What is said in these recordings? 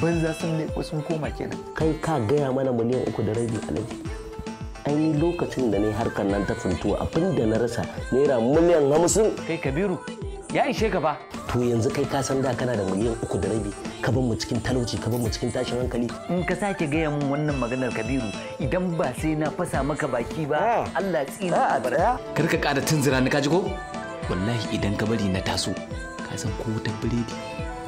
banza sun leko sun koma kenan kai ka gaya mana miliyan uku da rabi a alaji an lokacin da ne harkar nan ta funtuwa da na rasa naira miliyan hamsin kai kabiru ya ishe ka ba to yanzu kai ka san da kana da miliyan uku da rabi ka bar mu cikin talauci ka bar mu cikin tashin hankali in ka sake gaya min wannan maganar kabiru idan ba sai na fasa maka baki ba ah. Allah tsina albarka ah, kar ka ƙara tunzura ni kaji ko wallahi idan ka bari na taso ka san ko ta biredi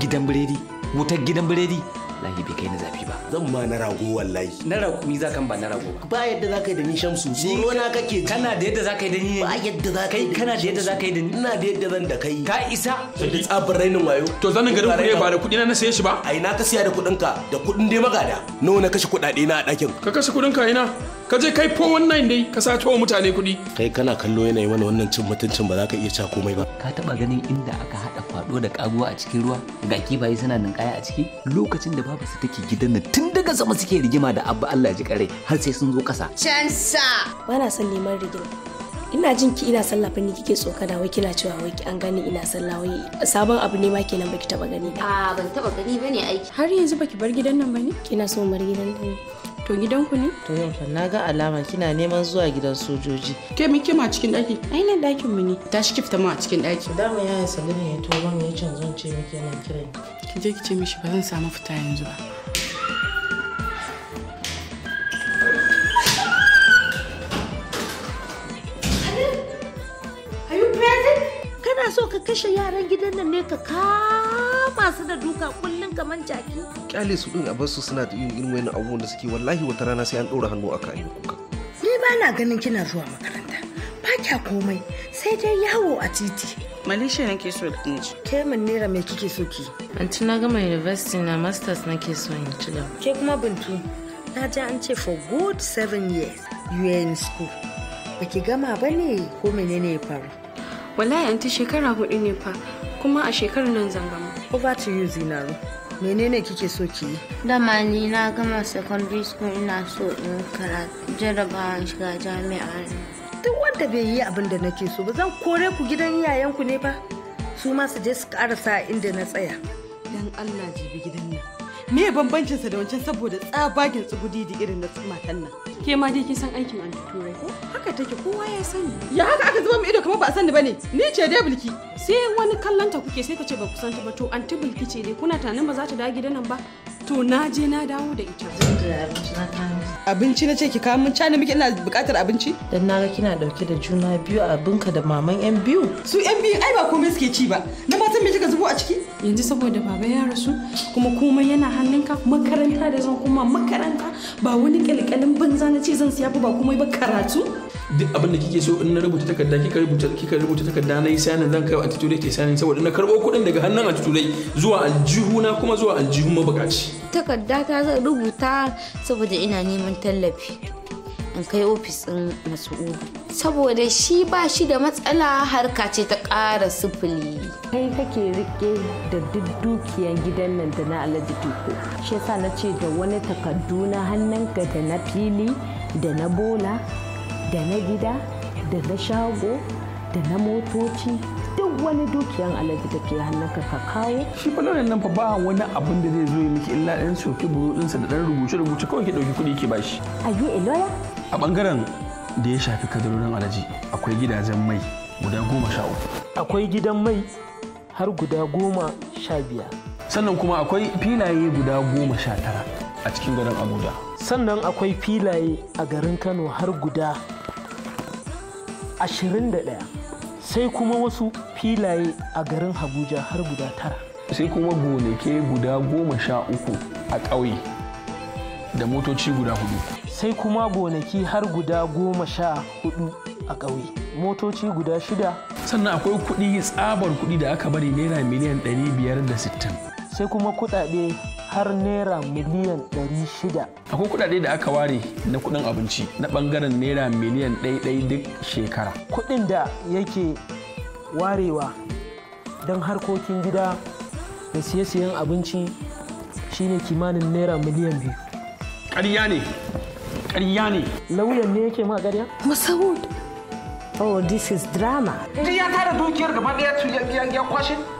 gidan biredi wutar gidan biredi lahi bai kai na zafi ba zan ma na rago wallahi na rago ni zakan ba na rago ba ba yadda zaka yi da ni shamsu tsoro na kake ji kana da yadda zaka yi da ni ba yadda zaka yi kana da yadda zaka yi da ni ina da yadda zan da kai ka isa da tsabar rainin wayo to zanin garin kuɗi ba da kuɗi na na saye shi ba ai na ka siya da kuɗin ka da kuɗin dai magada nawa na kashe kuɗaɗe na a ɗakin ka kashe kuɗin ka ina ka je kai po wannan dai ka sa wa mutane kuɗi kai kana kallo yanayi mana wannan cin mutuncin ba za ka iya ca komai ba ka taba ganin inda aka haɗa fado da kaguwa a cikin ruwa ga kifaye suna ninkaya a ciki lokacin da babu su take gidan nan tun daga sama suke rigima da abba Allah ji kare har sai sun zo ƙasa Ba bana son neman rigima ina jin ki ina sallah fa ni kike tsokana wai kina cewa wai an gani ina sallah wai sabon abu ne ma kenan baki taba gani ba a ban taba gani bane aiki har yanzu baki bar gidan nan bane kina so mar gidan nan To ku ne? To yau na ga alama kina neman zuwa gidan sojoji. Ke mi kima cikin daki? Ai nan dakin mu ne. Tashi ki fita mu a cikin daki. Da mu yayin sabin ya to ban ya can zan ce miki nan kiran. Ki je ki ce mishi ba zan samu fita yanzu ba. Kana so ka kashe yaran gidan nan ne ka kama su da duka kullum. kaman jaki kyale su din a bar su suna yin irin wayannan abubuwan da suke wallahi wata rana sai an ɗora hannu a kan kuka ni ba na ganin kina zuwa makaranta ba kya komai sai dai yawo a titi malisha nake so in ji ke min nera me kike so ki ci na gama university na masters nake so in ci gaba ke kuma bintu na ji an ce for good seven years you are in school baki gama ba ne ko menene ya faru wallahi anti shekara hudu ne fa kuma a shekarar nan zan gama over to you zinaru menene kike so ki yi dama ni na gama secondary school ina so in karatu jarabawa shiga jami'a duk wanda bai yi abin da nake so ba zan kore ku gidan iyayenku ne ba su ma su je su karasa inda na tsaya dan Allah jibi gidan nan me bambancin sa da wancan saboda tsabagen da irin na matan nan ke ma dai kin san aikin anti turai ko haka take kowa ya sani ya haka aka zuba mu ido kamar ba a sani bane ni ce dai bulki sai wani kallanta kuke sai ka ce ba ku san ta ba to anti bulki ce dai kuna tunanin ba za ta dawo gidan nan ba to na je na dawo da ita abinci na ce ki kawo mun cani muke ina bukatar abinci dan naga kina dauke da juna biyu abinka da maman yan biyu su yan biyu ai ba komai suke ci ba na ba san me kika zubo a ciki yanzu saboda baba ya rasu kuma komai yana hannunka makaranta da zan kuma makaranta ba wani kalkalin banza na ce zan siya ba komai ba karatu duk abin da kike so in na rubuta takarda kika rubuta kika rubuta takarda na yi sanin zan kai a titulai ke sanin saboda na karbo kuɗin daga hannun a titulai zuwa aljihu na kuma zuwa aljihu mabukaci takarda ta zan rubuta saboda ina neman tallafi in kai ofis ɗin mas'udu saboda shi ba shi da matsala harka ce ta ƙara sifili kai kake rike da duk dukiyan gidan nan da na alhaji tuko shi yasa na ce da wani takardu na hannunka da na fili da na bola da na gida da na shago da na motoci duk wani dukiyan alaji da ke hannunka ka kawo shi balorin nan fa ba wani abin da zai zo ya miki illa ɗan soke buru ɗinsa da ɗan rubuce rubuce kawai ki ɗauki kuɗi ki bashi shi. you a lawyer a ɓangaren da ya shafi kadarorin alaji akwai gidajen mai guda goma sha uku akwai gidan mai har guda goma sha biyar sannan kuma akwai filaye guda goma sha tara a cikin garin abuja sannan akwai filaye a garin kano har guda ashirin da ɗaya sai kuma wasu filaye a garin Habuja har guda tara. Sai kuma gonake guda goma sha uku a ƙauye da motoci guda hudu. Sai kuma gonaki har guda goma sha hudu a ƙauye motoci guda shida. Sannan akwai kuɗi tsabar kuɗi da aka bari naira miliyan ɗari biyar da sittin. Sai kuma kuɗaɗe har naira miliyan 600 akwai kuɗaɗe da aka ware na kuɗin abinci na ɓangaren naira miliyan ɗaiɗai duk shekara kuɗin da yake warewa don harkokin gida da siye-siyen abinci shine kimanin naira miliyan biyu ƙarya ne ƙarya ne lauyan ne yake ma ƙarya masahud oh this is drama ya tara dukiyar gaba ɗaya ya kwashe